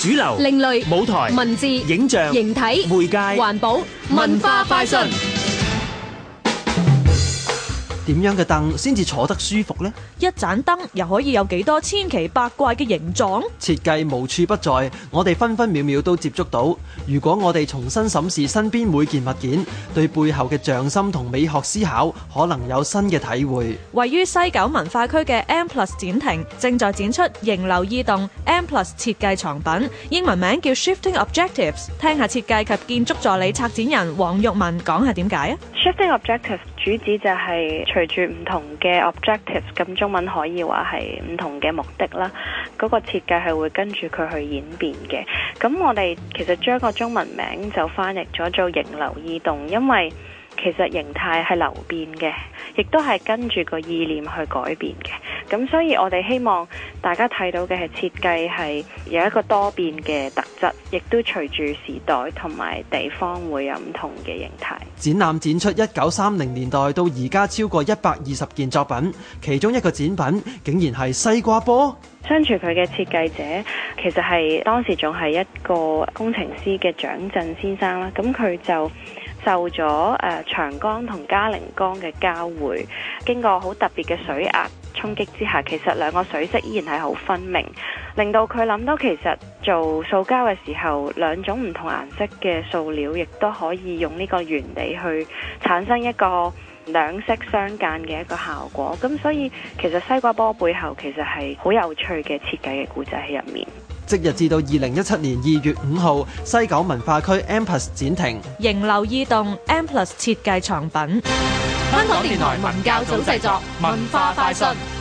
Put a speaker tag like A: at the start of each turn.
A: 主流、另類、舞台、文字、影像、形體、媒介、環保、文化快訊。點樣嘅凳先至坐得舒服呢？
B: 一盞燈又可以有幾多千奇百怪嘅形狀？
A: 設計無處不在，我哋分分秒秒都接觸到。如果我哋重新審視身邊每件物件，對背後嘅匠心同美學思考，可能有新嘅體會。
B: 位於西九文化區嘅 M Plus 展廳正在展出《形流意動 M Plus 設計藏品》，英文名叫 Shifting Objectives。聽下設計及建築助理策展人黃玉文講下點解
C: 啊？Shifting Objectives。Sh 主旨就係隨住唔同嘅 objectives，咁中文可以話係唔同嘅目的啦。嗰個設計係會跟住佢去演變嘅。咁我哋其實將個中文名就翻譯咗做形流意動，因為其實形態係流變嘅，亦都係跟住個意念去改變嘅。咁，所以我哋希望大家睇到嘅係設計係有一個多變嘅特質，亦都隨住時代同埋地方會有唔同
A: 嘅形態。展覽展出一九三零年代到而家超過一百二十件作品，其中一個展品竟然係西瓜波。
C: 相傳佢嘅設計者其實係當時仲係一個工程師嘅蔣震先生啦。咁佢就受咗誒，長江同嘉陵江嘅交匯，經過好特別嘅水壓。衝擊之下，其實兩個水色依然係好分明，令到佢諗到其實做塑膠嘅時候，兩種唔同顏色嘅塑料亦都可以用呢個原理去產生一個兩色相間嘅一個效果。咁所以，其實西瓜波背後其實係好有趣嘅設計嘅故仔喺入面。
A: 即日至到二零一七年二月五號，西九文化區 M+ 展亭，
C: 形流意
B: 動 M+ 設計藏品。香港電台文教組製作，文化快訊。